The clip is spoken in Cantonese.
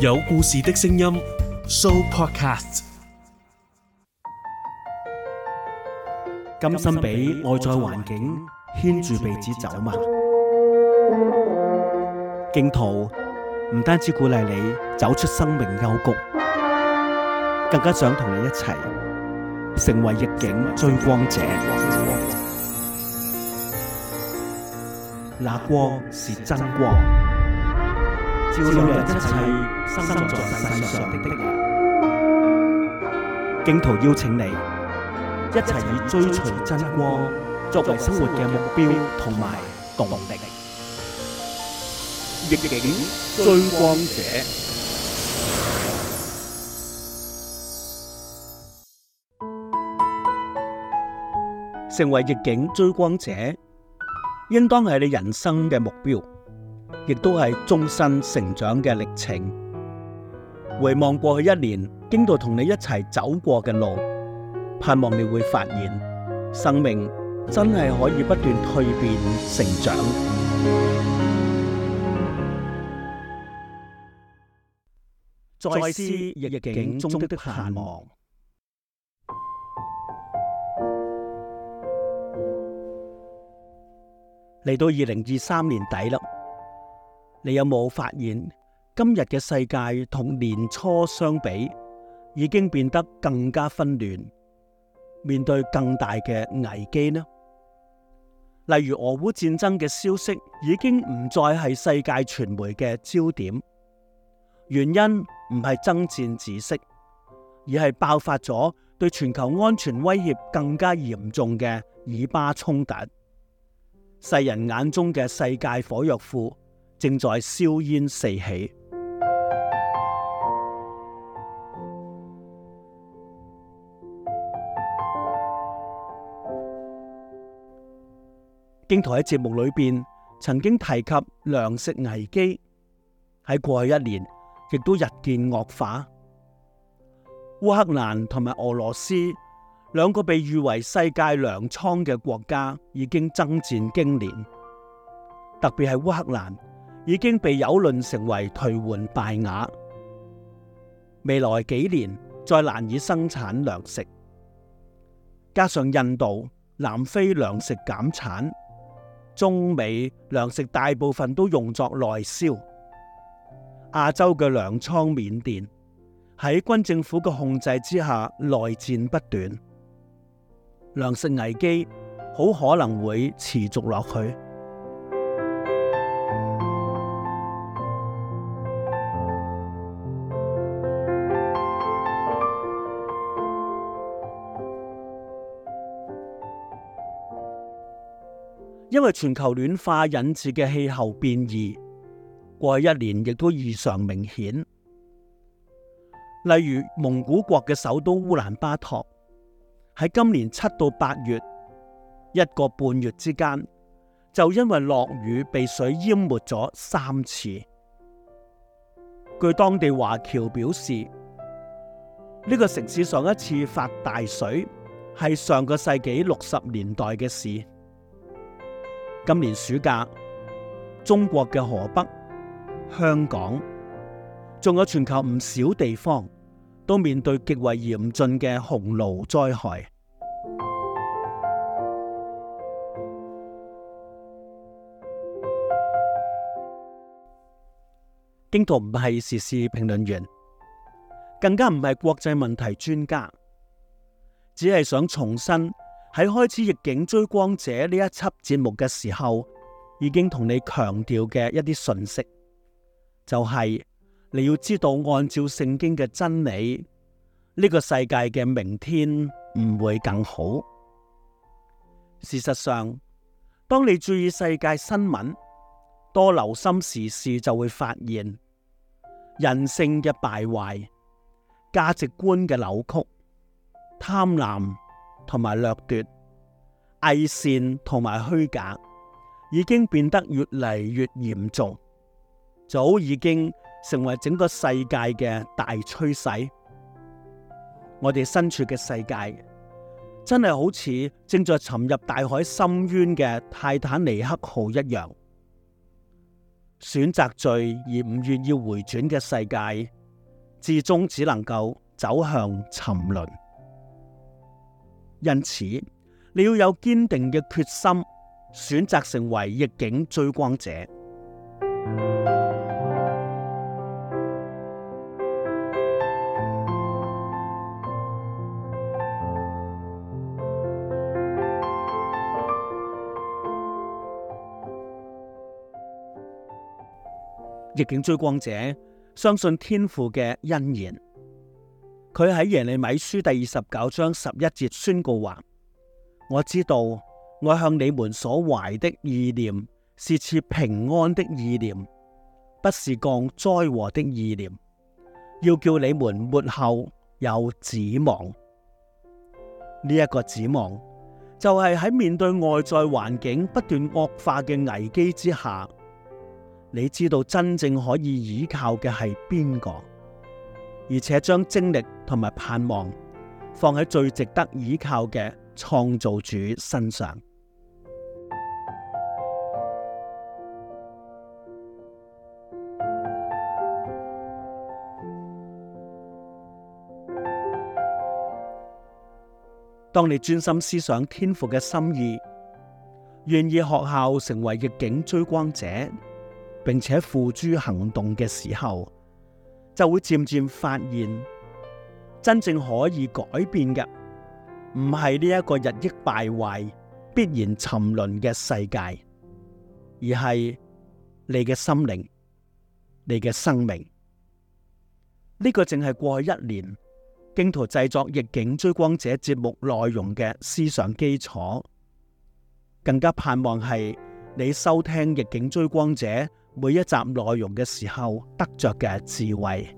有故事的聲音，Show Podcast。甘心俾外在環境牽住鼻子走嘛？荊徒唔單止鼓勵你走出生命幽谷，更加想同你一齊成為逆境追光者。那光是真光。照亮一切生在世上的人，荊徒邀請你一齊以追隨真光作為生活嘅目標同埋動力。逆境追光者，成為逆境追光者，應當係你人生嘅目標。亦都係終身成長嘅歷程。回望過去一年，經過同你一齊走過嘅路，盼望你會發現，生命真係可以不斷蛻變成長。再思逆境中的盼望，嚟到二零二三年底啦。你有冇發現今日嘅世界同年初相比，已經變得更加紛亂，面對更大嘅危機呢？例如俄烏戰爭嘅消息已經唔再係世界傳媒嘅焦點，原因唔係爭戰止息，而係爆發咗對全球安全威脅更加嚴重嘅以巴衝突，世人眼中嘅世界火藥庫。正在硝煙四起。荊徒喺節目裏邊曾經提及糧食危機喺過去一年亦都日漸惡化。烏克蘭同埋俄羅斯兩個被譽為世界糧倉嘅國家已經征戰經年，特別係烏克蘭。已經被有論成為頹垣敗瓦，未來幾年再難以生產糧食，加上印度、南非糧食減產，中美糧食大部分都用作內銷，亞洲嘅糧倉緬甸喺軍政府嘅控制之下內戰不斷，糧食危機好可能會持續落去。因為全球暖化引致嘅氣候變異，過去一年亦都異常明顯。例如蒙古國嘅首都烏蘭巴托，喺今年七到八月一個半月之間，就因為落雨被水淹沒咗三次。據當地華僑表示，呢、這個城市上一次發大水，係上個世紀六十年代嘅事。今年暑假，中國嘅河北、香港，仲有全球唔少地方，都面對極為嚴峻嘅洪澇災害。荊徒唔係時事評論員，更加唔係國際問題專家，只係想重新喺開始逆境追光者呢一輯節目嘅時候，已經同你強調嘅一啲信息，就係你要知道，按照聖經嘅真理，呢個世界嘅明天唔會更好。事實上，當你注意世界新聞，多留心時事，就會發現人性嘅敗壞、價值觀嘅扭曲、貪婪。同埋掠奪、偽善同埋虛假，已經變得越嚟越嚴重，早已經成為整個世界嘅大趨勢。我哋身處嘅世界，真係好似正在沉入大海深淵嘅泰坦尼克號一樣，選擇罪而唔願意回轉嘅世界，至終只能夠走向沉淪。因此，你要有堅定嘅決心，選擇成為逆境追光者。逆境追光者相信天父嘅恩言。佢喺耶利米書第二十九章十一節宣告話：我知道我向你們所懷的意念是賜平安的意念，不是降災禍的意念，要叫你們末後有指望。呢、這、一個指望就係、是、喺面對外在環境不斷惡化嘅危機之下，你知道真正可以倚靠嘅係邊個？而且將精力同埋盼望放喺最值得依靠嘅創造主身上。當你專心思想天父嘅心意，願意學校成為逆境追光者，並且付諸行動嘅時候，就會漸漸發現，真正可以改變嘅，唔係呢一個日益敗壞、必然沉淪嘅世界，而係你嘅心靈、你嘅生命。呢個淨係過去一年荊徒製作《逆境追光者》節目內容嘅思想基礎，更加盼望係你收聽《逆境追光者》每一集內容嘅時候得着嘅智慧。